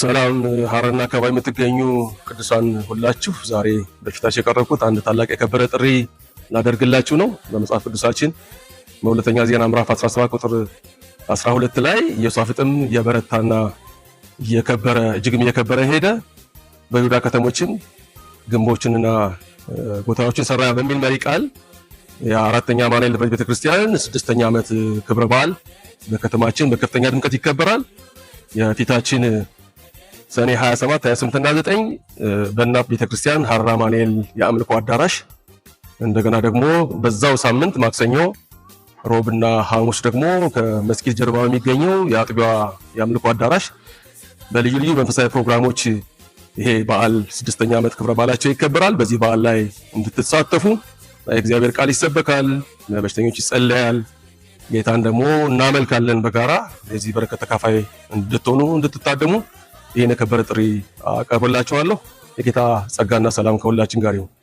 ሰላም ሀረና አካባቢ የምትገኙ ቅዱሳን ሁላችሁ፣ ዛሬ በፊታችሁ የቀረብኩት አንድ ታላቅ የከበረ ጥሪ ላደርግላችሁ ነው። በመጽሐፍ ቅዱሳችን በሁለተኛ ዜና ምዕራፍ 17 ቁጥር 12 ላይ ኢዮሳፍጥም የበረታና የከበረ እጅግም የከበረ ሄደ፣ በይሁዳ ከተሞችም ግንቦችንና ቦታዎችን ሰራ በሚል መሪ ቃል የአራተኛ ማናይል ደብረ ቤተክርስቲያን ስድስተኛ ዓመት ክብረ በዓል በከተማችን በከፍተኛ ድምቀት ይከበራል። የፊታችን ሰኔ 27፣ 28 እና 9 በእናት ቤተክርስቲያን ሀራ ማንኤል የአምልኮ አዳራሽ እንደገና ደግሞ በዛው ሳምንት ማክሰኞ፣ ሮብና ሐሙስ ደግሞ ከመስጊድ ጀርባ የሚገኘው የአጥቢያ የአምልኮ አዳራሽ በልዩ ልዩ መንፈሳዊ ፕሮግራሞች ይሄ በዓል ስድስተኛ ዓመት ክብረ በዓላቸው ይከበራል። በዚህ በዓል ላይ እንድትሳተፉ እግዚአብሔር ቃል ይሰበካል፣ በሽተኞች ይጸለያል፣ ጌታን ደግሞ እናመልካለን በጋራ የዚህ በረከት ተካፋይ እንድትሆኑ እንድትታደሙ ይህን የከበረ ጥሪ አቀርብላችኋለሁ። የጌታ ጸጋና ሰላም ከሁላችን ጋር ይሁን።